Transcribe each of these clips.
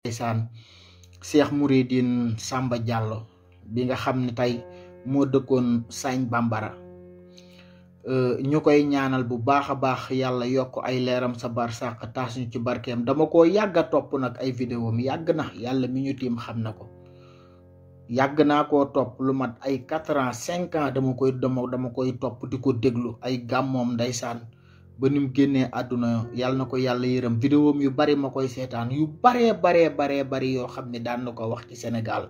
ndeysaan Cheikh Mouridine Samba Diallo bi nga xam ne tey moo dëkkoon Sagne Bambara euh, ñu koy ñaanal bu baax a baax yàlla yokk ay leeram sa ci barkeem dama ko yàgg topp nag ay vidéo yàgg na yàlla mi ñu tiim xam na ko yàgg naa ko topp lu mat ay quatre ans cinq ans dama koy dama dama koy topp di ko déglu ay gàmmoom ndeysaan ba ni mu génnee àdduna yàlla na ko yàlla yërëm vidéo yu bari ma koy seetaan yu baree baree baree bari yoo xam ne daan na ko wax ci Sénégal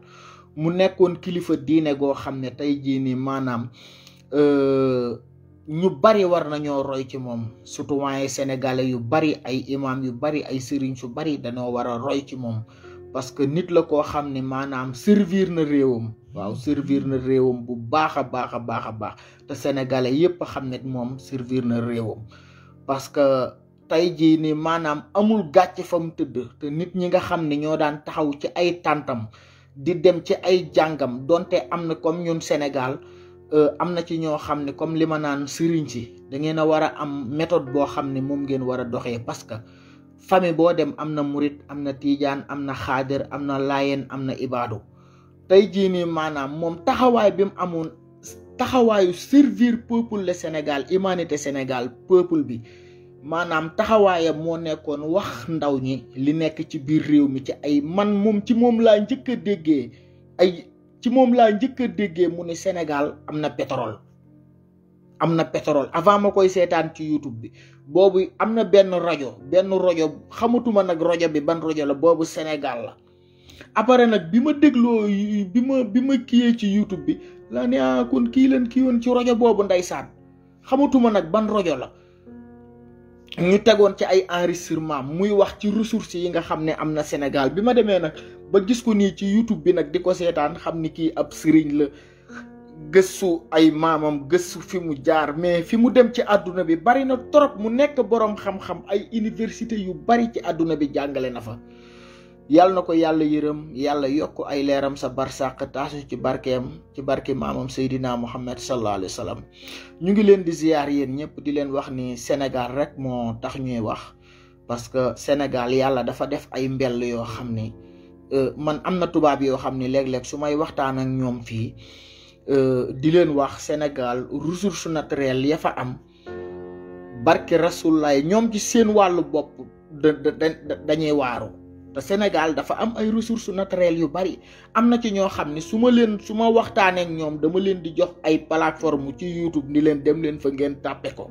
mu nekkoon kilifa diine goo xam ne tey jii nii maanaam euh, ñu bari war nañoo roy ci moom surtout waaye sénégalais yu bari ay imam yu bari ay sëriñ su bari dañoo war a roy ci moom parce que nit la koo xam ne maanaam servir na réewam waaw servir na réewam bu baax a baax a baax a baax te sénégalais yépp xam ne moom servir na réewam parce que tey jii ni maanaam amul gàcce fa mu tëdd te nit ñi nga xam ni ñoo daan taxaw ci ay tàntam di dem ci ay jàngam donte am na comme ñun Sénégal euh, am na ci ñoo xam ne comme li ma naan sëriñ si da ngeen a war a am méthode boo xam ne moom ngeen war a doxee parce que famille boo dem am na murit am na tiijaan am na xaadir am na laayeen am na ibaadu tey jii nii maanaam moom taxawaay bi mu taxawaayu servir peuple le Sénégal humanité Sénégal peuple bi maanaam taxawaayam moo nekkoon wax ndaw ñi li nekk ci biir réew mi ci ay man moom ci moom laa njëkk a déggee ay ci moom laa njëkk a déggee mu ne Sénégal am na pétrole am na pétrole avant ma koy seetaan ci YouTube bi boobu am na benn rajo benn rajo xamatuma nag rajo bi ban rajo la boobu Sénégal la après nag bi ma dégloo bi ma bi ma kiyee ci YouTube bi laa ne ah kon kii leen kii woon ci rojo boobu ndeysaan xamatuma nag ban rojo la ñu tegoon ci ay enregistrement muy wax ci ressources yi nga xam ne am na Sénégal bi ma demee nag ba gis ko nii ci YouTube bi nag di ko seetaan xam ni kii ab sëriñ la gëstu ay maamam gëstu fi mu jaar mais fi mu dem ci àdduna bi bari na trop mu nekk boroom xam-xam ay université yu bari ci àdduna bi jàngale na fa Yalla noko yalla yeureum yalla yok ay leeram sa barsàq taasu ci barkem ci barke mamam sayidina Muhammad sallallahu Alaihi Wasallam. ñu ngi leen di ziar yeen ñepp di leen wax ni Senegal rek mo tax ñuy wax parce que senegal yalla dafa def ay mbell yo xamni euh man amna tubab yo xamni leg leg sumay waxtaan ak fi euh di leen wax senegal ressource naturelle ya fa am barke rasulaay ñom ci seen wàllu bopp da dañuy waaru te Sénégal dafa am ay ressources naturelles yu bari am na ci ño xamni suma len suma waxtane ak ñom dama len di jox ay plateforme ci YouTube ni len dem len fa ngeen tapé ko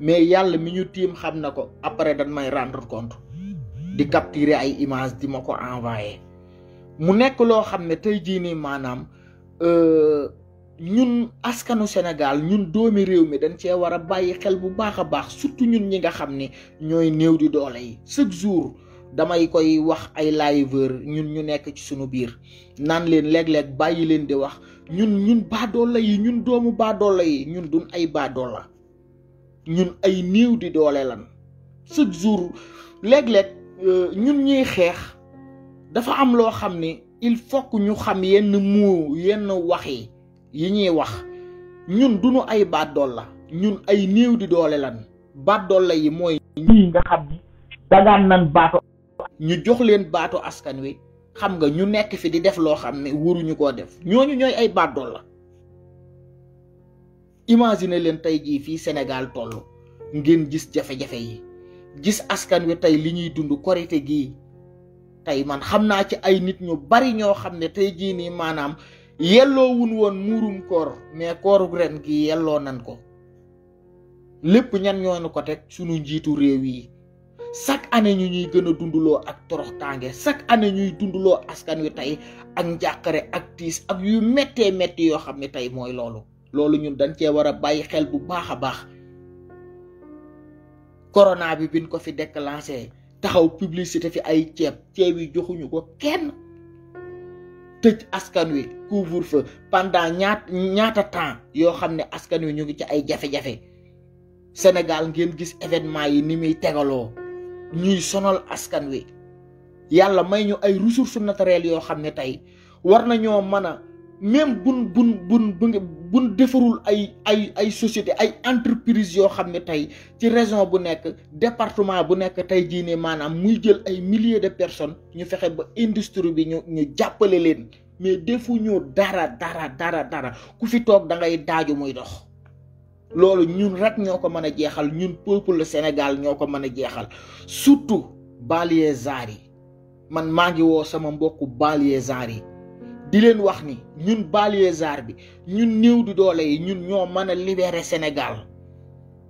mais yalla mi ñu tim xamna ko après dañ may rendre compte di capturer ay images di mako envoyer mu nekk lo xamne tay ñun askanu Sénégal ñun doomi réew mi dañ cee war a bàyyi xel bu baax a baax surtout ñun ñi nga xam ne ñooy di doole chaque jour damay koy wax ay liveur ñun ñu nekk ci suñu biir naan leen léeg-léeg bàyyi leen di wax ñun ñun baadoola yi ñun doomu baadoola yi ñun duñ ay baadoola ñun ay néew di doole lan chaque jour léeg euh, ñun ñuy xeex dafa am loo xam ni il faut que ñu xam yenn moo yenn wax yi yi ñuy wax ñun duñu ay baadoola ñun ay néew di doole lan baadoola yi mooy ñii nga xam dagaan nan baato ñu jox leen baatu askan wi xam nga ñu nekk fi di def loo xam ne waruñu koo def ñooñu ñooy ay bàddool la imagine leen tey jii fii Sénégal toll ngeen gis jafe-jafe yi gis askan wi tey li ñuy dund korite gi tey man xam naa ci ay nit ñu bari ñoo xam ne tey jii nii maanaam yelloowun woon muurum koor mais kooru ren gi yelloo nan ko lépp ñan ñoo nu ko teg sunu njiitu réew yi chaque année ñu ñuy gën a dundaloo ak toroxtaange chaque année ñuy dundaloo askan wi tey ak njàqare ak tiis ak yu méttee métti yoo xam ne tey mooy loolu loolu ñun dañ cee war a bàyyi xel bu baax a baax corona bi biñ ko fi déclenché taxaw publicité fi ay ceeb ceeb yi joxuñu ko kenn tëj askan wi couvre-feu pendant ñaata temps yoo xam ne askan wi ñu ngi ci ay jafe-jafe Sénégal ngeen gis événement yi ni muy tegaloo ñuy sonal askan wi yàlla may ñu ay ressource naturelles yoo xam ne tey war nañoo mën a même bun bun bun bun defarul ay ay ay société ay entreprise yoo xam ne tey ci région bu nekk département bu nekk tey jii ne maanaam muy jël ay milliers de personnes ñu fexe ba industrie bi ñu ñu jàppale leen mais defuñu dara dara dara dara ku fi toog da ngay daaju muy dox loolu ñun rek ñoo ko mën a jeexal ñun peuple Sénégal ñoo ko mën a jeexal surtout banlieusards yi man maa ngi woo sama mbokku banlieusards yi di leen wax ni ñun banlieusards bi ñun néew di doole yi ñun ñoo mën a libérer Sénégal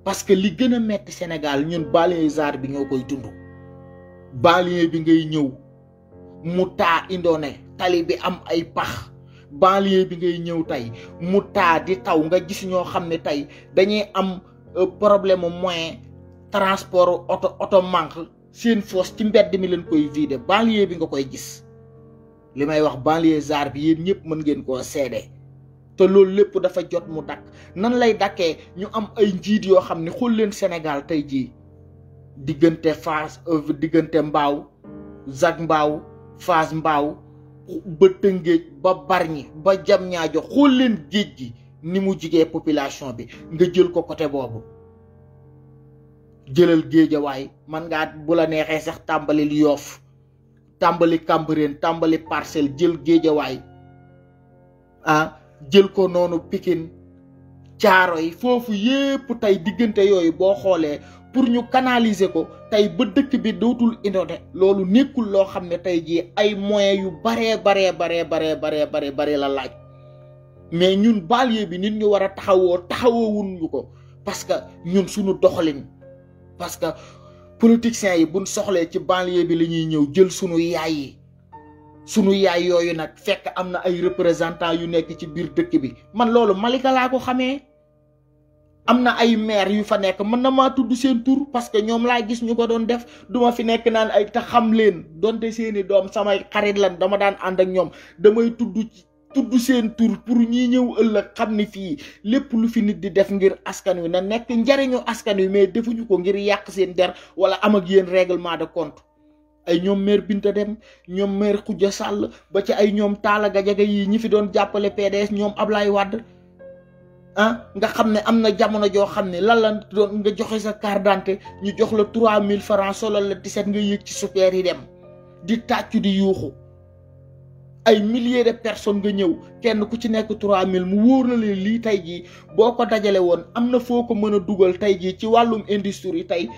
parce que li gën a metti Sénégal ñun banlieusards bi ñoo koy dund banlieue bi ngay ñëw mu taa indoone tali bi am ay pax banlieue bi ngay ñëw tey mu taa di taw nga gis ñoo xam ne tey dañuy am euh, problème moyen transport oto oto manque seen foos ci mbedd mi leen koy vider banlieue bi nga koy gis li may wax banlieue zar bi yéen ñëpp mën ngeen koo seede te loolu lépp dafa jot mu dakk nan lay dakkee ñu am ay njiit yoo xam ne xool leen senegal tey jii diggante Fass euh, diggante mbaaw Zac mbaaw Fass mbaaw ba Tëngéej ba Bargny ba Diamniadio xool leen géej gi ni mu jigee population bi nga jël ko côté boobu jëlal géejawaay man nga bu la neexee sax tàmbali li yoof tàmbali Cambérène tàmbali parcelle jël géejawaay ah jël ko noonu Pikine caaro yi foofu yépp tey diggante yooyu boo xoolee pour ñu canaliser ko tey ba dëkk bi dootul inondé loolu nekkul loo xam ne tey jii ay moyens yu baree baree baree baree baree baree baree la laaj mais ñun banlieue bi nit ñu war a taxawoo taxawoowun ñu ko parce que ñun suñu doxalin parce que politiciens yi buñ soxlee ci banlieue bi la ñuy ñëw jël suñu yaay yi sunu yaay yooyu nag fekk am na ay représentants yu nekk ci biir dëkk bi man loolu Malika laa ko xamee am na ay maire yu fa nekk mën na maa tudd seen tur parce que ñoom laa gis ñu ko doon def duma fi nekk naan ay te xam leen donte seeni doom samay xarit lan dama daan ànd ak ñoom damay tudd ci seen tur pour ñi ñëw ëllëg xam ni fii lépp lu fi nit di def ngir askan wi na nekk njariñu askan wi mais defuñu ko ngir yàq seen der wala am ak yéen règlement de compte ay ñoom maire Binta Dem ñoom maire Khoudia Sall ba ci ay ñoom Talla Gadiaga yi ñi fi doon jàppale PDS ñoom Ablaye Wade ah nga xam ne am na jamono joo xam ne lan la doon nga joxe sa carte d'identité ñu jox la 3000 francs solal la 17 nga yëg ci super yi dem di tàccu di yuuxu ay milliers de personnes nga ñëw kenn ku ci nekk mille mu wóor na leen lii tey jii boo ko dajale woon am na foo ko mën a dugal tey jii ci wàllum industrie tey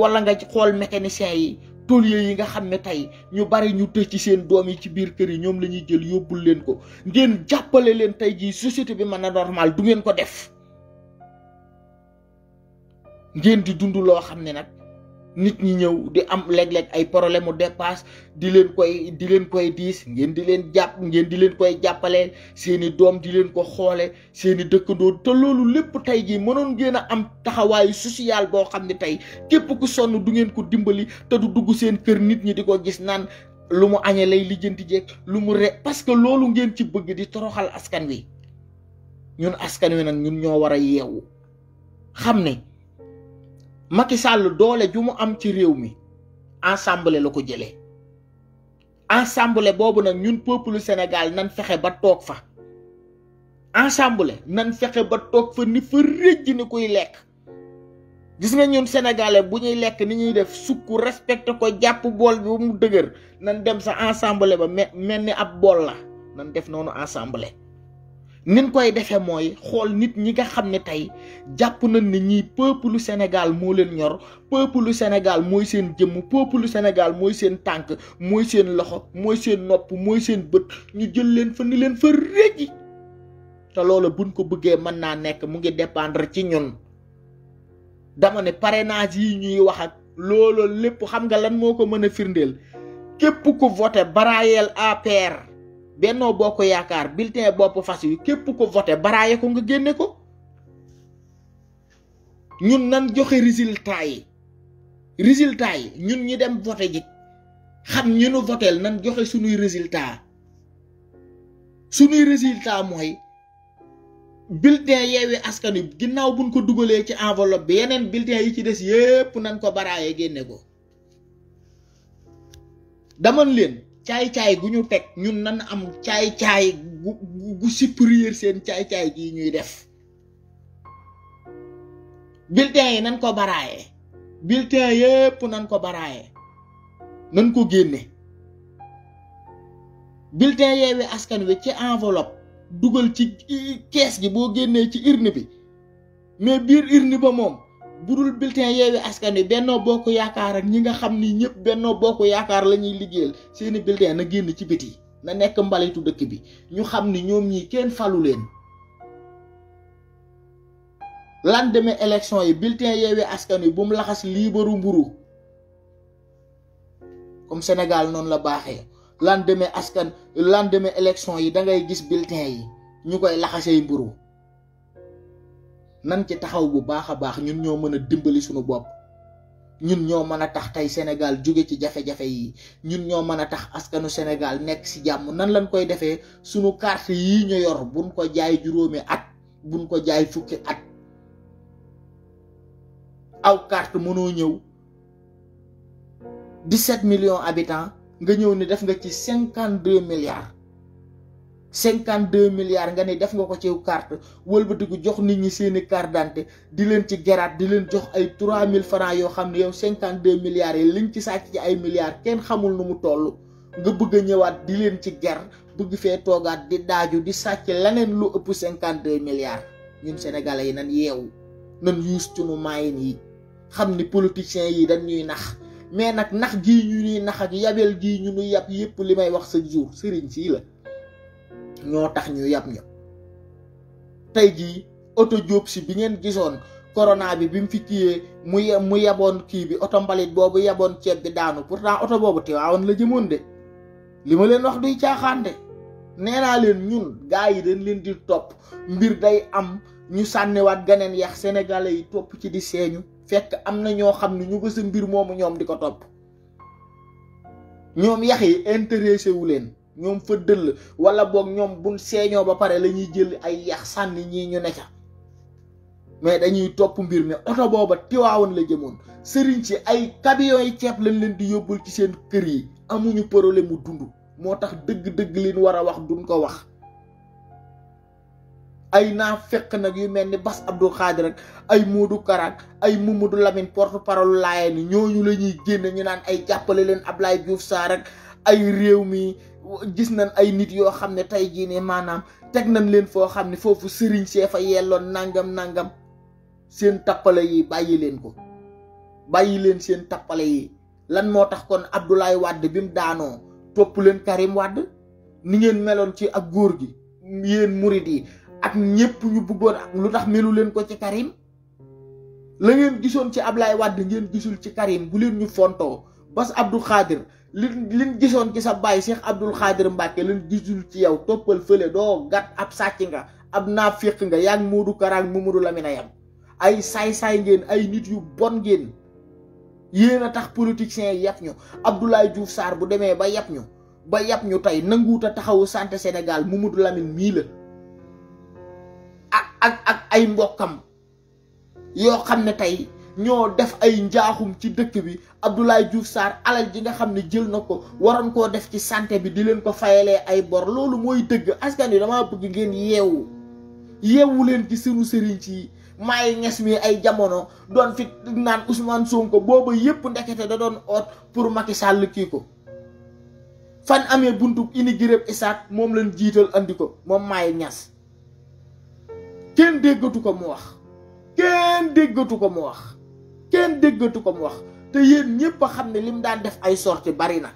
wala nga xool mécanicien yi tôlier yi nga xam ne tey ñu bari ñu tëj ci seen doom yi ci biir kër yi ñoom lañuy jël yóbbul leen ko ngeen jàppale leen tey jii société bi mën a normal du ngeen ko def ngeen di dundu loo xam ne nag nit ñi ñëw di am léeg-léeg ay problème mu dépasse di leen koy di leen koy diis ngeen di leen jàpp ngeen di leen koy jàppale seeni doom di leen ko xoole seeni dëkkandoo te loolu lépp tey jii mënoon ngeen a am taxawaayu social boo xam ni tey képp ku sonn du ngeen ko dimbali te du dugg seen kër nit ñi di ko gis naan lu mu añee lay lijjanti jeeg lu mu re parce que loolu ngeen ci bëgg di toroxal askan wi ñun askan wi nag ñun ñoo war a yeewu xam ni Macky Sall doole ju mu am ci réew mi ensemble la ko jëlee ensemble boobu nag ñun peuple Sénégal nan fexe ba toog fa ensemble nan fexe ba toog fa ni fa rëjj ni kuy lekk gis nga ñun sénégalais bu ñuy lekk ni ñuy def sukk respecté ko jàpp bool bi ba mu dëgër nan dem sa ensemble ba mel ni ab bool la nan def noonu ensemble nin koy defee mooy xool nit ñi nga xam ne tey jàpp nañ ne ñii peuple Sénégal moo leen ñor lu Sénégal mooy seen jëmm peuple Sénégal mooy seen tànk mooy seen loxo mooy seen nopp mooy seen bët ñu jël leen fa ni leen fa réji te loolu buñ ko bëggee mën naa nekk mu ngi dépendre ci ñun dama ne parrainage yi ñuy wax ak loolu lépp xam nga lan moo ko mën a firndeel képp ku voté baraayeel APR bennoo bokk yaakaar bulletin bopp fas yi képp ko voté baraaye ko nga génne ko ñun nan joxe résultat yi résultat yi ñun ñi dem voté ji xam ñu nu voteel nan joxe sunuy résultat sunuy résultat mooy bulletin yeewi askan wi ginnaaw buñ ko dugalee ci enveloppe bi yeneen bulletin yi ci des yépp nan ko baraaye génne ko daman leen caay-caay gu ñu teg ñun nan am caay-caay gu gu supérieur seen caay-caay gii ñuy def bulletin yi nan ko baraaye bulletin yëpp nan ko baraaye nan ko génne bulletin yeewi askan wi ci enveloppe dugal ci kees gi boo génnee ci urne bi mais biir urne ba moom budul bulletin yeewi askan yi bennoo bokk yaakaar ak ñi nga xam ni ñëpp bennoo bokk yaakaar la ñuy liggéeyal seeni bulletin na génn ci biti na nekk mbalitu dëkk bi ñu xam ni ñoom ñi kenn falu leen lan demee élection yi bulletin yeewi askan yi bu mu laxas liibaru mburu comme Sénégal noonu la baaxe lan demee askan lan demee élection yi da ngay gis bulletin yi ñu koy laxasee mburu nan ci taxaw bu baax a baax ñun ñoo mën a dimbali suñu bopp ñun ñoo mën a tax tey Sénégal jóge ci jafe-jafe yi ñun ñoo mën a tax askanu Sénégal nekk ci jàmm nan lañ koy defee suñu carte yi ñu yor buñ ko jaay juróomi at buñ ko jaay fukki at aw carte mënoo ñëw 17 million habitants nga ñëw ni def nga ci 52 milliards 52 milliards nga ne def nga ko ci carte wëlbatiku jox nit ñi seen carte d'identité di leen ci geraat di leen jox ay 3000 francs yo xamni yow 52 milliards liñ ci sacc ci ay milliards kenn xamul nu mu tollu nga bëgg ñëwaat di leen ci ger bëgg fee toogaat di daaju di sàcc leneen lu ëpp 52 milliards ñun sénégalais yi nan yeewu nan yuus ci cunu maayin yi xam ni politiciens yi dañ ñuy nax mais nag nax gii ñu ñuy nax ak yabel gii ñu ñuy yab yépp li may wax sa jour sëriñ sii la ñoo tax ñu yab ñu tey jii oto jóob bi ngeen jisoon corona bi bi mu fi kiiyee mu ye mu yeboon kii bi oto mbalit boobu yeboon ceeb bi daanu pourtant oto boobu Tiwaawan la jëmoon de li ma leen wax duy caaxaan de nee naa leen ñun gars yi dañ leen di topp mbir day am ñu sànniwaat ganeen yax sénégalais yi topp ci di seeñu fekk am na ñoo xam ne ñu ko sa mbir moomu ñoom di ko topp ñoom yax yi intéressé wu leen ñom fa deul wala bok ñom buñ seeñoo ba pare lañuy jël ay yax sànni ñi ñu ne mais dañuy top mbir mi auto booba tiwaawon la jëmon sëriñ ci ay camion yi ciép lañ leen di yobul ci seen kër yi amuñu problème mu dund moo deug dëgg liñ wara wax duñ ko wax ay na fekk nak yu melni bas abdou khadir ak ay modou karak ay mamadou lamine porte parole laayeen ñooñu la ñuy ñu naan ay jappale leen ablaye diouf sarr ak ay rew mi gis na ay nit yoo xam ne tey jii ne maanaam teg nañ leen foo xam ne foofu sëriñ see fa yelloon nangam nangam seen tappale yi bàyyi leen ko bàyyi leen seen tappale yi lan moo tax kon Abdoulaye Wade bi mu daanoo topp leen Karim Wade ni ngeen meloon ci ak góor gi yéen murit yi ak ñépp ñu buggoon ak lu tax melu leen ko ci Karim la ngeen gisoon ci ab Abdoulaye Wade ngeen gisul ci Karim bu leen ñu fontoo Bass Abdou Khadir li liñ gisoon ci sa baay Cheikh Abdoul Khadir Mbacke liñ gisul ci yow toppal fële doo gat ab sàcc nga ab naafiq nga yaa ngi Modou Kara ak Mamadou Lamine yam ay saay-saay ngeen ay nit yu bon ngeen yéen a tax politiciens yi yàpp ñu Abdoulaye Diouf Sarr bu demee ba yàpp ñu ba yàpp ñu tey nanguwut a taxawu santé Sénégal Mamadou Lamine mii la ak ak ak ay mbokkam yoo xam ne tey ñoo def ay njaaxum ci dëkk bi Abdoulaye Diouf sar alal ji nga xamni jël nako waron ko def ci santé bi di len ko fayalé ay bor lolu moy deug askan yi dama bëgg ngeen yewu yewu len ci sunu sëriñ ci may ñess mi ay jamono don fi Usman Ousmane Sonko bobu yépp ndekete da don ot pour Macky Sall fan amé buntu inigréb isaat mom lañ jital andiko mom may ñass ñas kenn déggatu ko mu wax kenn déggatu ko mu wax kenn déggatu ko mu wax te yéen ñëpp a xam ne lim daan def ay sorties bari na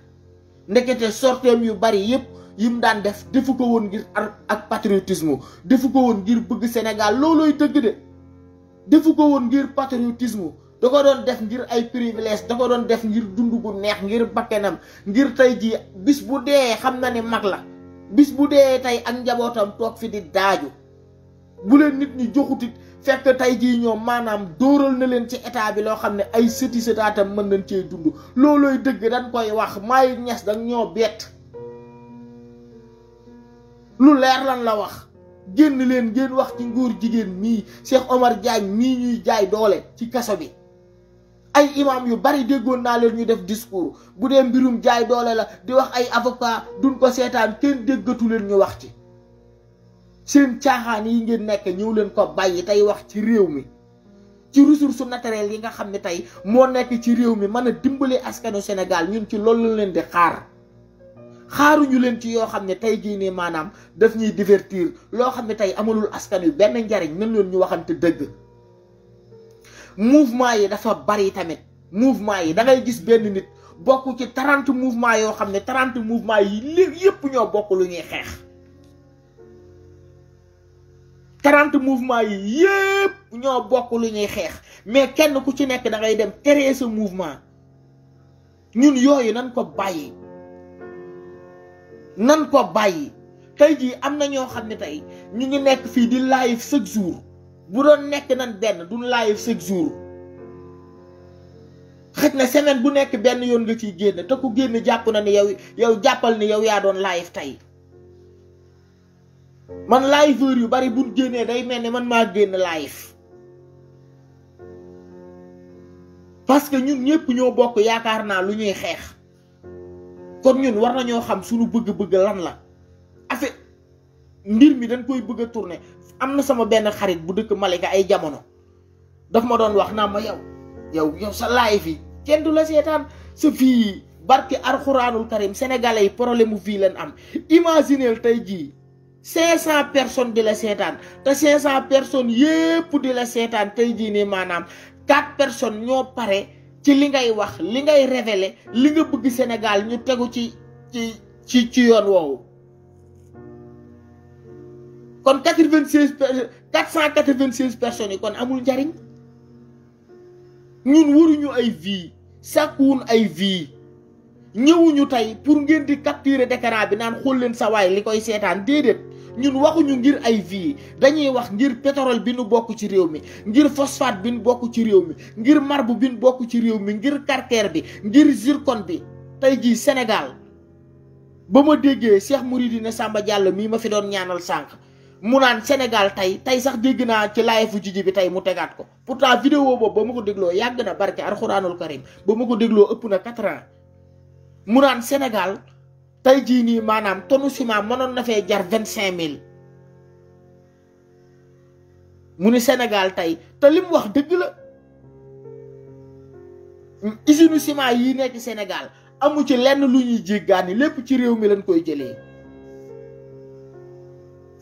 ndekete sorteem yu bari yëpp yim daan def defu ko woon ngir ak patriotisme defu ko woon ngir bëgg Sénégal loolooy dëgg de defu ko woon ngir patriotisme da ko doon def ngir ay privilège da ko doon def ngir dund bu neex ngir bakkenam ngir tey jii bis bu dee xam na ne mag la bis bu dee tey ak njabootam toog fi di daaju bu leen nit ñi joxutit fekk tey jii ñoom maanaam dóoral na leen ci état bi loo xam ne ay sëti sëtaatam mën nañ cee dund loolooy dëgg dañ koy wax maay ñes dañ ñoo bett lu leer lañ la wax génn leen ngeen wax ci nguur jigéen mii Cheikh Omar Diagne mii ñuy jaay doole ci kaso bi ay imam yu bari déggoon naa leen ñu def discours bu dee mbirum jaay doole la di wax ay avocat duñ ko seetaan kenn déggatu leen ñu wax ci seen caaxaan yi ngeen nekk ñëw leen ko bàyyi tey wax ci réew mi ci ressources naturelles yi nga xam ne tey moo nekk ci réew mi mën a dimbali askanu Sénégal ñun ci loolu leen di xaar xaaruñu leen ci yoo xam ne tey jii nii maanaam def ñuy divertir loo xam ne tey amalul askan wi benn njariñ nan leen ñu waxante dëgg mouvement yi dafa bari tamit mouvement yi da ngay gis benn nit bokk ci trante mouvement yoo xam ne 30 mouvement yi lépp yëpp ñoo bokk lu ñuy xeex. 40 mouvement yi yépp ñoo bokk lu ñuy xeex mais kenn ku ci nekk dangay dem créer sa mouvement ñun yooyu nan ko bàyyi nan ko bàyyi tey jii am na ñoo xam ne tey ñu ngi nekk fii di live chaque jour bu doon nekk nan benn duñ live chaque jour xëj na semaine bu nekk benn yoon nga ciy génn te ku génn jàpp na ni yow yow jàppal ni yow yaa doon live tey man live yu bari bu gene day melni man ma gene live parce que ñun ñepp ñoo bokk yaakaar naa lu ñuy xeex kon ñun war nañoo xam suñu bëgg-bëgg lan la affaire mbir mi dañ koy bëgg tourner am sama benn xarit bu dëkk Malika ay jamono daf ma doon wax naa ma yow yow yow sa live yi kenn du la seetaan sa fii barke karim sénégalais yi problème mu fii am imagineel tey jii 500 personnes de la seetaan te 500 personnes yépp de la seetaan tay jii nii manam 4 personnes ño paré ci li ngay wax li ngay révéler li nga bëgg Sénégal ñu téggu ci ci ci ci yoon woowu kon 96 496 personnes kon amul njariñ ñun waruñu ay vie sàkkuwun ay vie ñëwuñu tay pour ngeen di capturer d'écran bi naan xol leen sa way likoy sétane dedet ñun waxuñu ngir ay vie dañuy wax ngir pétrole bi nu bokk ci réew mi ngir phosphate bi nu bokk ci réew mi ngir marbre bi nu bokk ci réew mi ngir calcaire bi ngir zircon bi tey jii senegal ba ma déggee Cheikh na Samba jàll mii ma fi doon ñaanal sànq mu naan Sénégal tey tey sax dégg naa ci laayefu jiji bi tey mu tegaat ko pourtant vidéo boobu ba ma ko dégloo yàgg na barke alxuraanul karim ba ma ko dégloo ëpp na quatre ans mu naan senegal tey jii nii maanaam tonu ciment monon na fee jar vingt mu ni Sénégal tey te li wax dëgg la usine ciment yi nekk Sénégal amu ci lenn lu ñuy jéggaani lépp ci réew mi lañ koy jëlee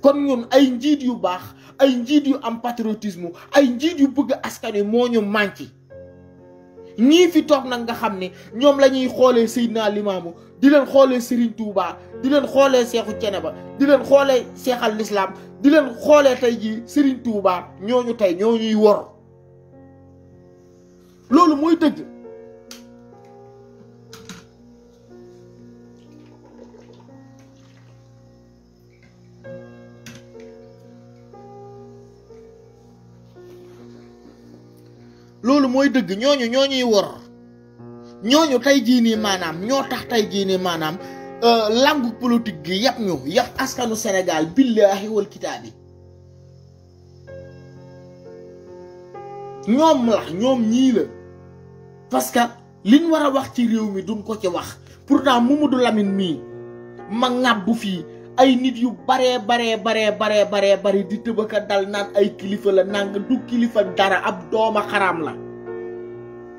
kon ñun ay njiit yu baax ay njiit yu am patriotisme ay njiit yu bëgg askan wi moo ñu manqué ñii fi toog nag nga xam ne ñoom la ñuy xoolee Seydina Limaamu di leen xoolee Serigne Touba di leen xoolee Seexu Ceneba di leen xoolee Seexal Lislaam di leen xoolee tey jii Serigne Touba ñooñu tey ñoo ñuy wor loolu mooy dëgg loolu mooy dëgg ñooñu ñoo ñuy wor ñooñu tey jii nii maanaam ñoo tax tey jii nii maanaam euh, langue politique gi yàpp ñu yàpp askanu Sénégal billahi wal kitaabi ñoom la ñoom ñii la parce que liñ war a wax ci réew mi duñ ko ci wax pourtant Mamadou Lamine mii ma ŋàbbu fii ay nit yu bare bare bare bare bare bare di tëbaka dal naan ay kilifa la nang du kilifa dara ab dooma la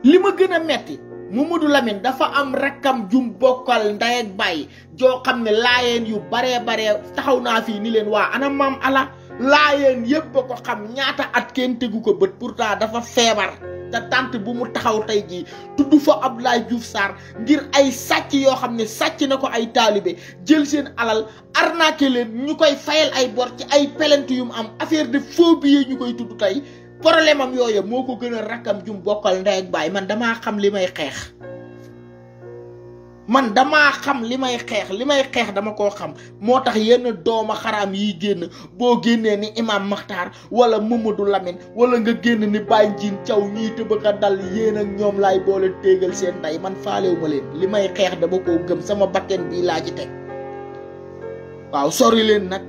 li ma gën a metti Mamadou lamin dafa am rakkam jum bokkal ndey ak bàyyi joo xam ne laayeen yu baree baree taxaw naa fii ni leen waa ana maam ala laayeen yépp a ko xam ñaata at kenn tegu ko bët pour pourtant dafa feebar te tànt bu mu taxaw tey jii tudd fa ab Abdoulaye Diouf Sarr ngir ay sàcc yoo xam ne sàcc na ko ay taalibe jël seen alal arnaqué leen ñu koy fayal ay bor ci ay pelent yu mu am affaire de faux billets ñu koy tudd tey problème am yoyé moko gëna rakam a rakkam jum bokkal ndey ak bay man dama xam limay xex man dama xam limay xex limay xex dama ko xam motax yeen dooma xaraam yi genn bo genné ni imam makhtar wala Mamadou Lamine wala nga genn ni bay jin ciow ñi te bëgg dal yeen ak ñom lay boole tégal seen nday man ma leen limay xex dama ko gëm sama bakken bi la ci tek waaw sori leen nak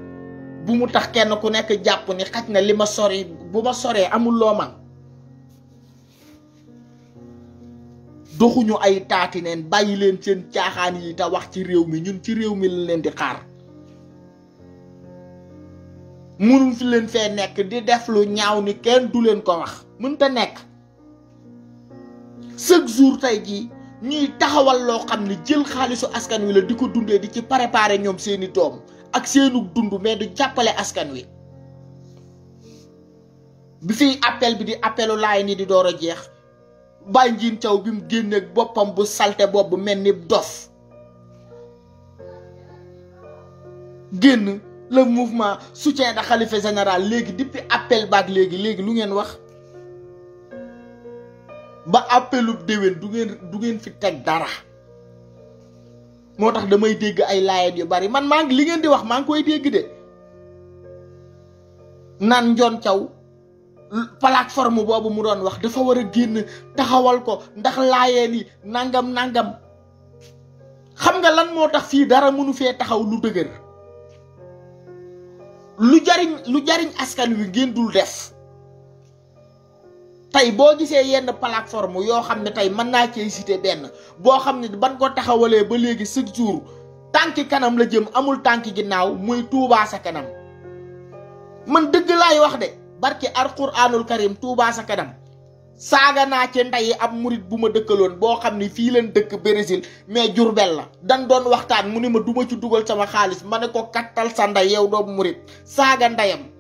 bu mu tax kenn ku nekk jàpp ni xaj na li ma sori bu ma soree amul loo man doxuñu ay taati neen bàyyi leen seen caaxaan yi te wax ci réew mi ñun ci réew mi lañ leen di xaar mënuñ fi leen fee nekk di def lu ñaaw ni kenn du leen ko wax mënta nekk chaque jour tey jii ñuy taxawal loo xam ne jël xaalisu askan wi la di ko dundee di ci préparer ñoom seeni doom ak seenu dund mais du jàppale askan wi bi fi appel bi di appelu laay ni di door a jeex bàyyi njiin caw bi mu génneeg boppam bu salte boobu mel ni dof génn le mouvement soutien de xalifa général léegi depuis appel baak léegi léegi lu ngeen wax ba appelub déwén du ngeen du ngeen fi teg dara motax damay dégg ay laayeen yu bari man mang ngi li ngeen di wax maa ngi koy dégg de nan njoon ciaw plateforme bobu mu doon wax dafa wara a génn taxawal ko ndax laayeen yi nangam nangam xam nga lan motax fi dara mënu fee taxaw lu jaring lu jariñ lu jariñ askan wi ngeen def tey boo gisee yenn plateforme yoo xam ne tey mën naa cee cité benn boo xam ne ban ko taxawalee ba léegi chaque jour tànki kanam la jëm amul tànki ginnaaw muy Touba sa kanam man dëgg laay wax de barki alquranul karim Touba sa kanam saaga naa ci ndey ab murit bu ma dëkkaloon boo xam ni fii leen dëkk Brésil mais Jurbel la dan doon waxtaan mu ne ma duma ci dugal sama xaalis ma ne ko kattal sa ndey yow doomu murit saaga ndeyam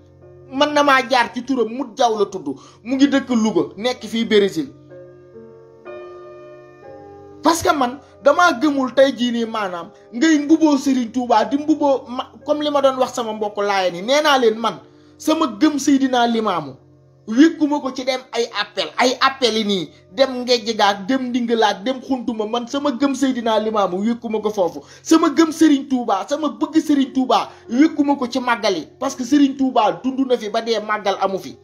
man na maa jaar ci turam mut jaw la tudd mu ngi dëkk Louga nekk fii Brésil parce que man dama gëmul tey jii nii maanaam ngay mbuboo Serigne Touba di mbuboo ma comme li ma doon wax sama mbokk laaya ni nee naa leen man sama gëm Seydina Limaamu wékkuma ko ci dem ay appel ay appel yi nii dem ngejj gaag dem ndingalaag dem xuntuma man sama gëm Seydina Limaamu wékkuma ko foofu sama gëm Serigne Touba sama bëgg Serigne Touba wékkuma ko ci màggal yi parce que Serigne Touba dund na fi ba dee màggal amu fi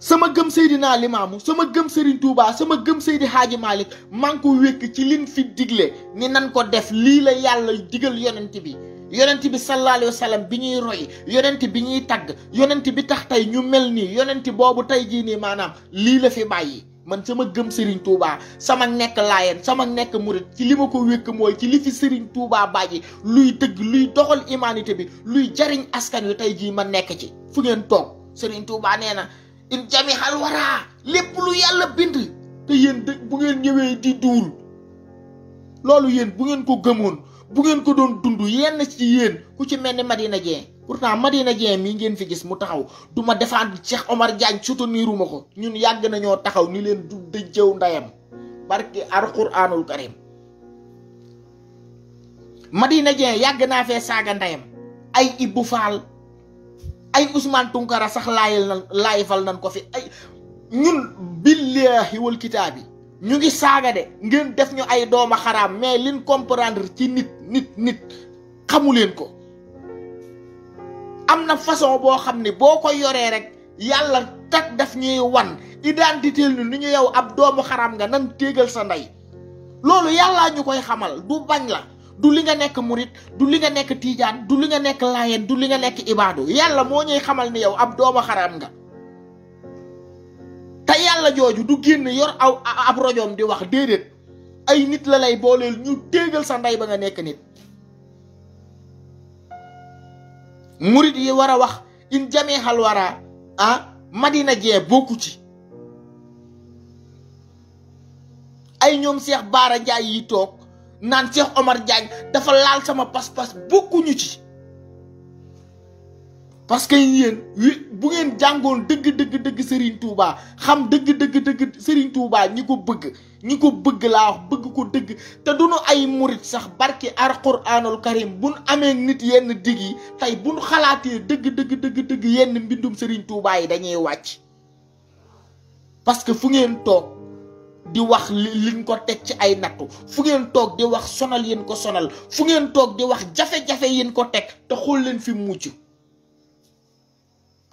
sama gëm Seydina Limaamu sama gëm Serigne Touba sama gëm Seydi Haaji Malick maa ngi ko wékk ci lin fi digle ni nan ko def lii la yàlla digal yonent bi yonent bi sallallahu alayhi bi ñuy roy yonent bi ñuy tagg yonent bi tax tey ñu mel nii yonent boobu tey jii nii maanaam lii la fi bàyyi man sama gëm Serigne Touba sama nekk laayeen sama nekk murit ci li ma ko wékk mooy ci li fi Serigne Touba bàyyi luy dëgg luy doxal humanité bi luy jariñ askan wi tey jii ma nekk ci fu ngeen toog Serigne Touba nee na in jami xal waraa lépp lu yàlla bind te yéen bu ngeen ñëwee di duul loolu yéen bu ngeen ko gëmoon bu ngeen ko doon dund yenn ci yeen ku ci melni Madina jeen pourtant Madina jeen mi ngeen fi gis mu taxaw duma Cheikh Omar Diagne soutenir ma ko ñun yag nañu taxaw ni leen du dëjjëw ndayam barki alquranul karim Madina jeen yag na fe saga ndayam ay Ibou Fall ay Ousmane Tunkara sax nan layfal nan ko fi ay ñun billahi wal kitaabi ñu ngi saga de ngeen def ñu ay dooma xaraam mais liñ comprendre ci nit nit nit xamulen ko amna façon bo xamni boko yoré rek yalla tak daf ñuy wan identité lu ñu yow ab doomu xaram nga nan tégal sa nday lolu yalla ñukoy xamal du bañ la du li nga nek mourid du li nga nek tidiane du li nga nek layen du li nga nek ibaadu yalla mo ñuy xamal ni yow ab doomu xaram nga ta yalla joju du genn yor aw ab rojom di wax dedet ay nit la lay booleel ñu déggal sa nday ba nga nek nit mourid yi wara wax in jamee hal wara ah madina je bokku ci ay ñom Cheikh bara jaay yi tok nan Cheikh Omar jaay dafa laal sama pas-pas ñu ci parce que yeen bu ngeen jangoon deug deug deug Serigne Touba xam deug deug deug Serigne Touba ñi ko ñi ko bëgg laa wax bëgg ko dëgg te du duñu ay murit sax barki alquraanul karim buñ amee nit yenn digg yi tey buñ xalaatee dëgg dëgg dëgg dëgg yenn mbindum sëriñ Tuubaa yi dañuy wàcc parce que fu ngeen toog di wax li liñ ko teg ci ay nattu fu ngeen toog di wax sonal yéen ko sonal fu ngeen toog di wax jafe-jafe yéen ko teg te xool leen fi mucc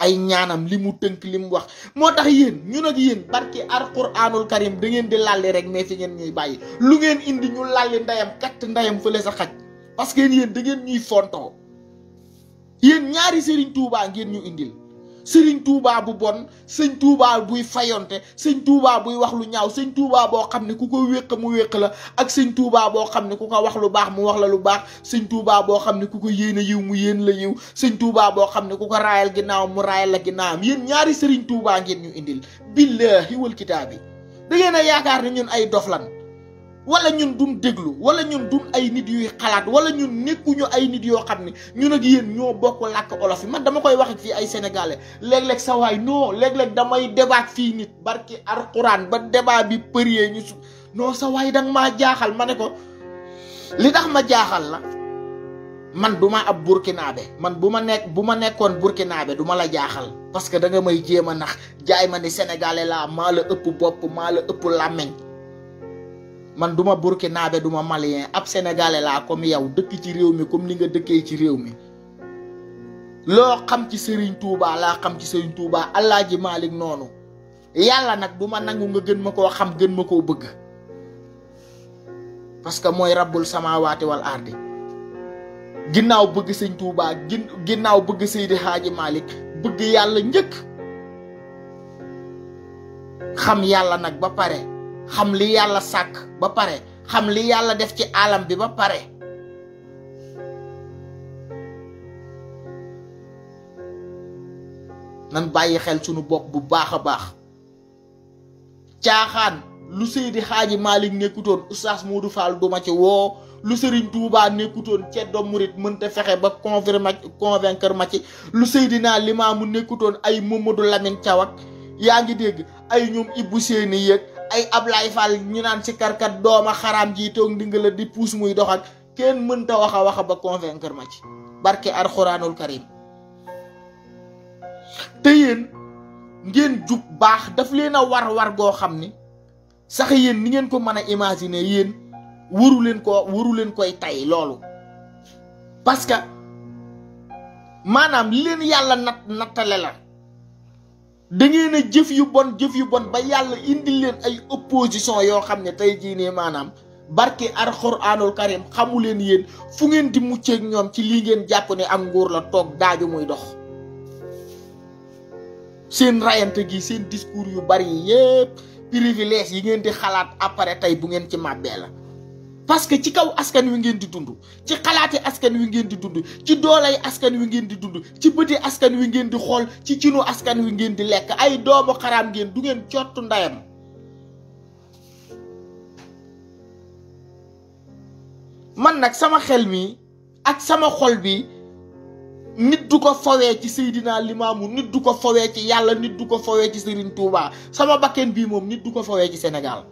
ay ñaanam li mu tënk li mu wax moo tax yéen ñu ak yéen barki alquranul karim da ngeen di lalli rek mais fi ngeen ñuy bàyyi lu ngeen indi ñu lalli ndeyam katt ndeyam fële sa xaj parce que yéen da ngeen ñuy fontoo yéen ñaari Serigne Touba ngeen ñu indil. sëriñ tuubaa bu bon sëñ tuubaa buy fayonte sëñ tuubaa buy wax lu ñaaw sëñ tuubaa boo xam ne ku ko wéq mu wéq la ak sëñ tuubaa boo xam ne ku ko wax lu baax mu wax la lu baax sëñ tuubaa boo xam ne ku ko yéen a yiw mu yéen la yiw sëñ tuubaa boo xam ne ku ko raayal ginnaaw mu raayal la ginnaawam yéen ñaari sëriñ tuubaa ngeen ñu indil billaahi wal kitaabi da ngeen a yaakaar ne ñun ay doflan wala ñun duñ déglu wala ñun duñ ay nit yu xalaat wala ñun nekkuñu ay nit yoo xam ne ñun ak yéen ñoo bokk làkk olof yi man dama koy wax fii ay sénégalais léeg-léeg sa waay non léeg-léeg damay débat fii nit barki arquran ba débat bi përiyee ñu no non sa waay dang maa jaaxal ma ne ko li tax ma jaaxal la man duma ab burkinabé man buma nek buma nekkon burkinabé duma la jaaxal parce que da nga may jéema nax jaay ma ni sénégalais la maa la ëpp bopp maa la ëpp man du ma burkinaabe du ma malien ab sénégalais laa comme yow dëkk ci réew mi comme li nga dëkkee ci réew mi loo xam ci Serigne tuuba laa xam ci Serigne Touba Alaaji Malick noonu yàlla nag du ma nangu nga gën ma koo xam gën ma koo bëgg parce que mooy rabbul sama wal ardi ginnaaw bëgg sëñ Touba ginnaaw bëgg Seydi Haaji Malick bëgg yàlla njëkk xam yàlla nag ba pare xam li yàlla sàkk ba pare xam li yàlla def ci alam bi ba pare nan bàyyi xel sunu bopp bu baax a baax caaxaan lu Seydi Xaaji Malik nekkutoon Oustaz Modou Fall duma ci woo lu Serigne Touba nekkutoon murit mënta fexe ba confirmer convaincre ma ci lu Seydina Limaamu nekkutoon ay momadou Lamine cawak, ak yaa ngi ay ñoom Ibou seeni yëg ay ablaay Fall ñu naan si karkat dooma xaraam ji toog ndingala di puus muy dox ak kenn mënta wax a wax ba convaincre ma ci barke alxuraanul karim te yéen ngeen jub baax daf leen a war war goo xam ni sax yéen ni ngeen ko mën a imaginer yéen waru leen ko waru leen koy tay loolu parce que maanaam leen yàlla nat nattale la da ngeen a jëf yu bon jëf yu bon ba yàlla indi leen ay opposition yoo xam ne tey jii ne maanaam barke alxuraanul karim xamu leen yéen fu ngeen di mucceek ñoom ci lii ngeen jàpp ne am nguur la toog daaju muy dox seen rayante gi seen discours yu bari yépp privilège yi ngeen di xalaat après tey bu ngeen ci màbbee la parce que ci kaw askan wi ngeen di dund ci xalaati askan wi ngeen di dund ci doolay askan wi ngeen di dund ci bëti askan wi ngeen di xool ci cinu askan wi ngeen di lekk ay doomu xaraam ngeen du ngeen cottu ndayam man nag sama xel mi ak sama xol bi nit du ko fowee ci Seydina Limaamu nit du ko fowee ci yàlla nit du ko fowee ci Serigne sama bakken bii moom nit du ko fowee ci Sénégal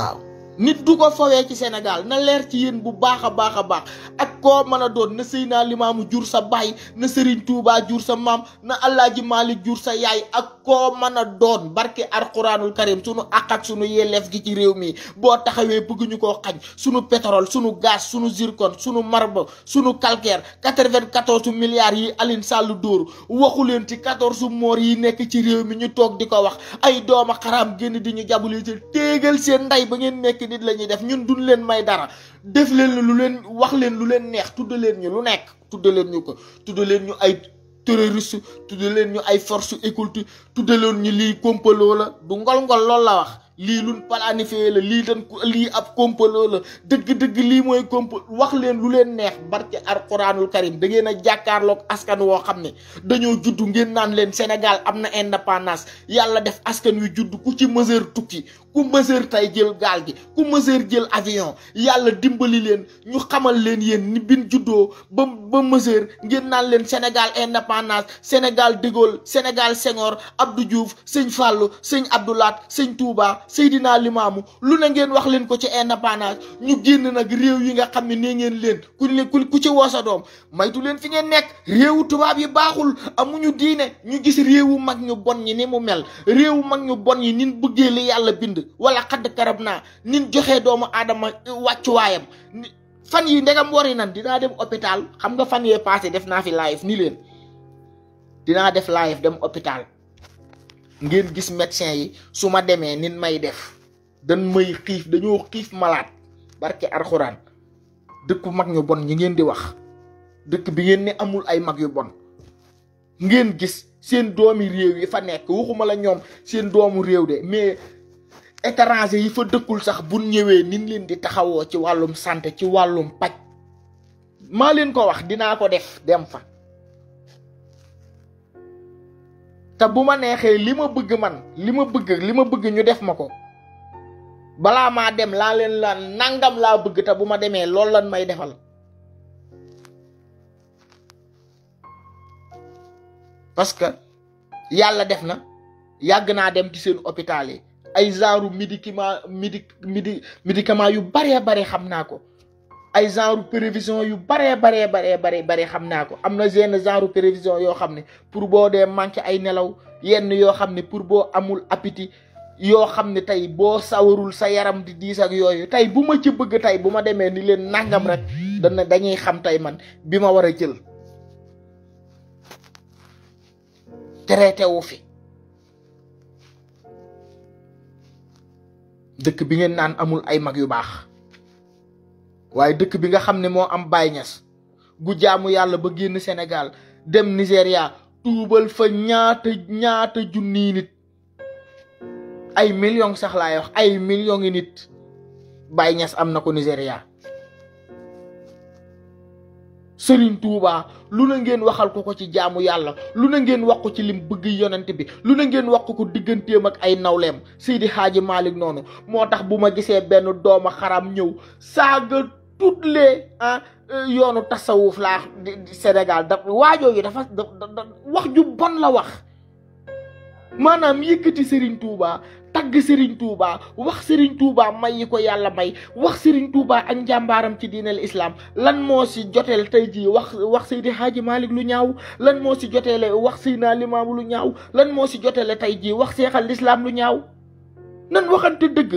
Wow. nit du ko fawee ci Sénégal na leer ci yéen bu baax a baax a baax ak koo mën a doon na Seydina Limaamu jur sa baay na Serigne Touba jur sa maam na ji Maalik jur sa yaay ak koo mën a doon barke alxuraanul karim sunu àq ak sunu yelleef gi ci réew mi boo taxawee bëgguñu ko koo xañ sunu pétrole sunu gaz sunu zircon sunu marbre sunu calcaire quatre-vingt-quatorze milliards yi Aline Sall dóor waxu leen ci quatorze moor yi nekk ci réew mi ñu toog di ko wax ay dooma xaraam génn di ñu jabuli ci téegal seen ndey ba ngeen nekk nit la ñuy def ñun duñ leen may dara def leen lu leen wax leen lu leen neex tudd leen ñu lu nekk tudd leen ñu ko tudda leen ñu ay terroriste tudda leen ñu ay force occulte tudd leen ñu lii complot la du ngol-ngol loolu la wax lii lu planifié la lii dañ lii ab complot la dëgg-dëgg lii mooy complot wax leen lu leen neex barke alquranul karim da ngeen a jàkkaarlook askan woo xam ne dañoo juddu ngeen naan leen Sénégal am na indépendance yàlla def askan wi juddu ku ci mesure tukki ku mesure tey jël gaal gi ku mesure jël avion yàlla dimbali leen ñu xamal leen yéen ni bin juddoo ba ba mesure ngeen naan leen Sénégal indépendance Sénégal de Gaulle Sénégal Senghor Abdou Diouf sëñ Fallou sëñ Abdou Lahat sëñ Touba Seydina Limamou lu ne ngeen wax leen ko ci indépendance ñu génn nag réew yi nga xam ne nee ngeen leen kuñ leen ku ci woo sa doom maytu leen fi ngeen nekk réewu tubaab yi baaxul amuñu diine ñu gis réewu mag ñu bon ñi ni mu mel réewu mag ñu bon ñi nin bëggee li yàlla bind bind wala xadd karab naa nin joxe doomu aadama wàccuwaayam fan yi ndegam wari nan dinaa dem hôpital xam nga fan yee passé def naa fi live ni leen dinaa def live dem hôpital ngeen gis médecin yi su ma demee nin may def dan may xiif dañoo xiif malade barke alxuraan dëkku mag ñu bon ñi ngeen di wax dëkk bi ngeen ne amul ay mag yu bon ngeen gis seen doomi réew yi fa nekk waxuma la ñoom seen doomu réew de mais étranger yi fa dëkkul sax bu ñëwee nin leen di taxawoo ci wàllum santé ci wàllum paj maa leen ko wax dinaa ko def dem fa te bu ma neexee li ma bëgg man li ma bëgg li ma bëgg ñu def ma ko balaa maa dem laa leen la nangam laa bëgg te bu ma demee loolu la may defal parce que yàlla def na yàgg naa dem ci seen hôpital yi ay genre médicament médi médicament yu baree bare xam naa ko ay genre prévision yu baree baree baree baree bare xam naa ko am na yenn genre prévision yoo xam ne pour boo dee manqué ay nelaw yenn yoo xam ne pour boo amul appétit yoo xam ne tey boo sawarul sa yaram di diis ak yooyu tey bu ma ci bëgg tey bu ma demee ni leen nangam rek dana dañuy xam tey man bi ma war a jël traité wu fi dëkk bi ngeen naan amul ay mag yu baax waaye dëkk bi nga xam ne moo am Baay Ñas gu jaamu yàlla ba génn Sénégal dem Nigéria tuubal fa ñaata ñaata junni nit ay millions sax laay wax ay millions ngi nit Baay Ñas am na ko Nigéria sëriñ tuubaa lu na ngeen waxal ko ko ci jaamu yàlla lu na ngeen wax ko ci lim bëgg yonent bi lu na ngeen wax ko digganteem ak ay nawleem di Hadji maalik noonu moo tax bu ma gisee benn dooma xaram ñëw saaga toutes les ah euh, yoonu tasawuf laa Sénégal da waajoo yi dafa wax ju bon la wax maanaam yëkkati sëriñ tuubaa tagg Serigne Touba wax Serigne Touba may yi ko yàlla may wax Serigne Touba ak njàmbaaram ci diinal islaam lan moo si joteel tey jii wax wax Seydi Hadji Malick lu ñaaw lan moo si joteele wax naa Limaamu lu ñaaw lan moo si joteele tey jii wax seexal lislaam lu ñaaw nan waxante dëgg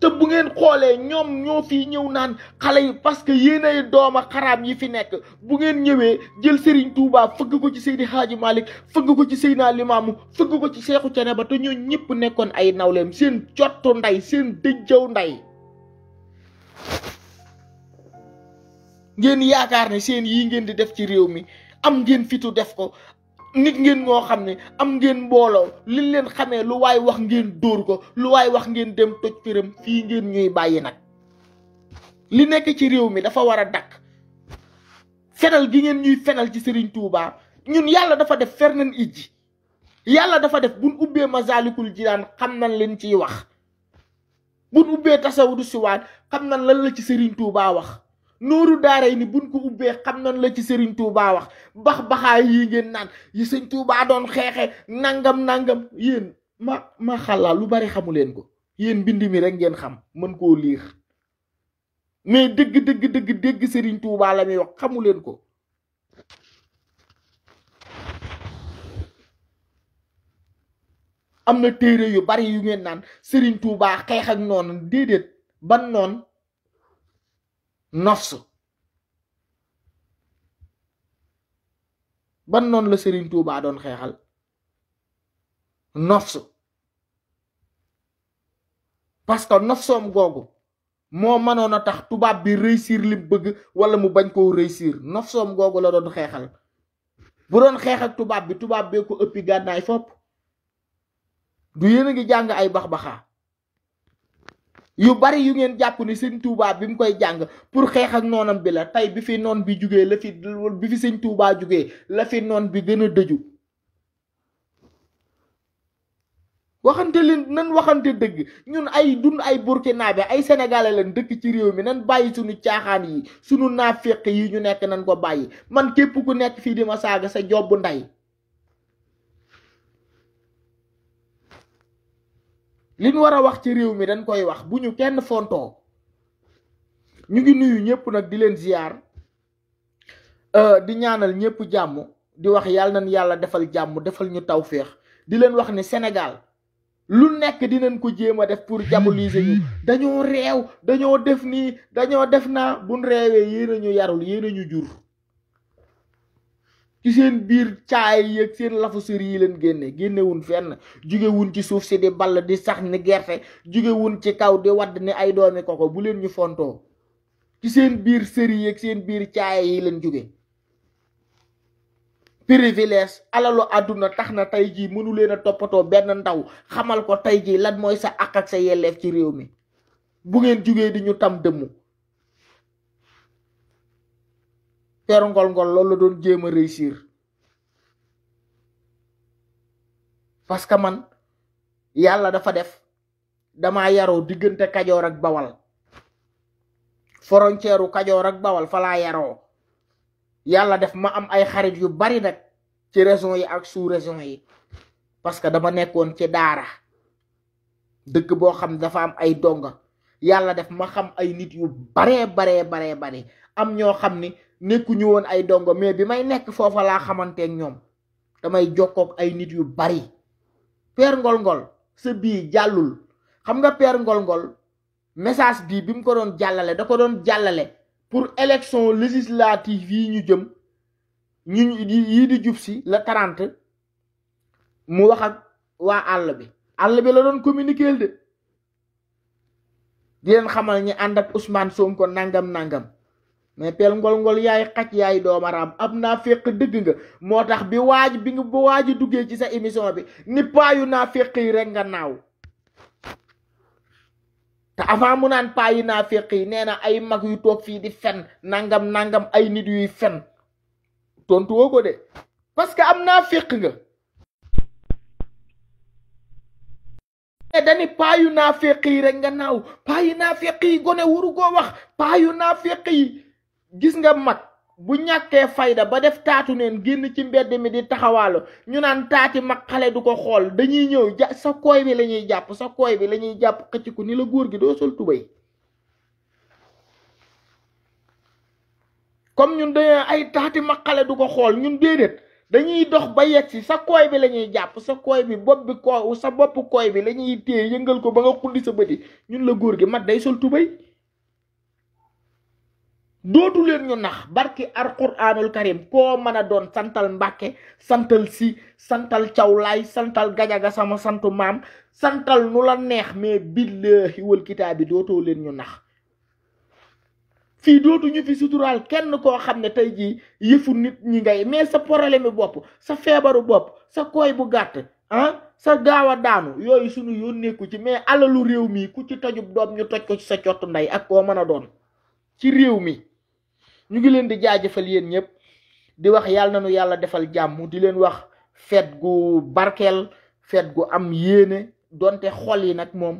te bu ngeen xoolee ñoom ñoo fii ñëw naan xale yi parce que yéen dooma xaraam yi fi nekk bu ngeen ñëwee jël Serigne Touba fëgg ko ci Seydi Hadji malik fëgg ko ci Seydina Limaamu fëgg ko ci Seexu Cene ba te ñoo ñëpp nekkoon ay nawleem seen cottu nday seen jëw ndey ngeen yaakaar ne seen yii ngeen di def ci réew mi am ngeen fitu def ko nit ngeen moo xam ne am ngeen mbooloo liñ leen xamee lu waay wax ngeen dóor ko lu waay wax ngeen dem toj këram fii ngeen ñuy bàyyi nag li nekk ci réew mi dafa war a dakk fenal gi ngeen ñuy fenal ci sëriñ tuubaa ñun yàlla dafa def fer nañ ijji yàlla dafa def buñ ubbee Masaalikul Jinaan xam nañ leen ciy wax buñ ubbee Tasawudu Siwaan xam na lan la ci sëriñ tuubaa wax nooru daaray ni bun ko ubbee xam nan la ci Serigne Touba wax bax baxaay yi ngeen naan yi sëñ doon xeexe nangam nangam yéen ma ma xàllaa lu bari xamu leen ko yéen mbind mi rek ngeen xam mën koo liir mais dëgg dëgg dëgg dëgg Serigne Touba la muy wax xamu leen ko. am na téere yu bari yu ngeen naan sëriñ Touba xeex ak noon déedéet ban noon nafs ban noonu la sëriñ Touba doon xeexal nafs parce que nafsoom googu moo mënoon a tax tubaab bi réussir li bëgg wala mu bañ koo réussir nafsoom googu la doon xeexal bu doon xeex tubaab bi tubaab bee ko ëppi gànnaay fopp du yéen a ngi jàng ay bax yu bari yu ngeen jàpp ni sëñ Touba bi mu koy jàng pour xeex ak noonam bi la tey bi fi noon bi jógee la fi bi fi sëñ Touba jugee la fi noon bi gën a dëju waxante leen nan waxante dëgg ñun ay dun ay burkinaabe ay sénégalais lañ dëkk ci réew mi nan bàyyi suñu caaxaan yi suñu naaféq yi ñu nekk nan ko bàyyi man képp ku nekk fii di ma saaga sa jobbu ndey li ñu war a wax ci réew mi dañ koy wax bu ñu kenn fontoo ñu ngi nuyu ñëpp nag di leen ziyaar euh, di ñaanal ñëpp jàmm di wax yàlla nañ yàlla defal jàmm defal ñu tawféex di leen wax ni Sénégal lu nekk dinañ ko jéem a def pour diaboliser ñu dañoo reew dañoo def nii dañoo def naa buñ réewee yéen ñu yarul yéen a ñu jur ci seen biir caay yi ak lafu séri yi leen génne génnewun fenn jugewun ci suuf si di ball di sax ni gerte jugewun ci kaw di wadd ni ay doomi koko bu leen ñu fontoo ci seen biir sër yi seen biir caay yi leen jóge privilège alalu àdduna tax na tey jii mënu leen a toppatoo benn ndaw xamal ko tey jii lan mooy sa àq sa yelleef ci réew mi bu ngeen jógee di ñu tam dëmm peeru ngol ngol loolu la doon jéem a réussir parce que man yàlla dafa def dama yaroo diggante kajoor ak bawal frontière u kajoor ak bawal fa laa yaroo yàlla def ma am ay xarit yu bari nag ci région yi ak sous région yi parce que dama nekkoon ci daara dëkk boo xam dafa am ay donga yàlla def ma xam ay nit yu bare bare bare bare am ñoo xam ni nekkuñu woon ay dongo mais bi may nekk foofa laa xamanteeg ñoom damay jokkook ay nit yu bari Père Ngol Ngol sa bii jàllul xam nga Père Ngol Ngol message bii bi mu ko doon jàllale da ko doon jàllale pour élection législative yi ñu jëm ñu yii di jub si la trente mu wax waa àll bi àll bi la doon communiquer de di leen xamal ñi ànd ak Ousmane Sonko nangam nangam mais pel ngol-ngol yaay xaj yaay doomaraam am naa féq dëgg nga moo tax bi waaj bi nga duggee ci sa émission bi ni paayu naa féq yi rek nga naaw te avant mu naan paayu naa féq yi nee na ay mag yu toog fii di fen nangam nangam ay nit yuy fen tontu woo ko de parce que am naa féq nga te dani paayu naa féq yi rek nga naaw paayu naa féq yi gone waru koo wax paayu naa féq yi gis nga mag bu ñàkkee fayda ba def taatu neen génn ci mbedd mi di taxawaalu ñu naan taati mag xale du ko xool dañuy ñëw ja sa kooy bi la ñuy jàpp sa kooy bi la jàpp xëcc ko la góor gi doo sol tubéy comme ñun dañoo ay taati mag xale du ko xool ñun déedéet dañuy dox ba yegg si sa kooy bi la jàpp sa kooy bopp sa bopp kooy bi lañuy ñuy yëngal ko ba nga xulli sa bëti ñun la góor gi mag day sol tubéy doodu len ñu nax barki alquranul karim ko mana don santal mbake santal si santal cawlaay santal gajaga sama santu mam, santal nu la neex mais billahi wal kitaabi dootoo len ñu nax fii dootu ñu fi sutural kenn ko xamne tay ji yefu nit ñi ngay mais sa problème bop sa febaru bop sa koy bu gatt ah sa gawa daanu yoy suñu yoneeku ci mais alalu rew mi ku ci tojub dom ñu toj ko ci sa ciot nday ak ko mën don ci rew mi ñu ngi leen di jaa jëfal yéen ñëpp di wax yàlla na nu yàlla defal jàmm di leen wax feet gu barkeel feet gu am yéene donte xol yi nag moom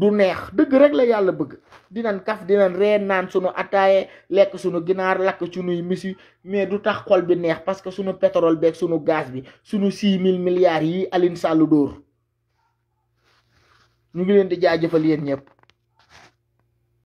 du neex dëgg rek la yàlla bëgg dinañ kaf dinañ reen naan sunu ataaye lekk sunu ginaar lakk sunuy misi mais du tax xol bi neex parce que sunu pétrole beeg sunu gaz bi sunu six mille milliards yi Alioune Sall dóor ñu ngi leen di jaajëfal yéen ñëpp.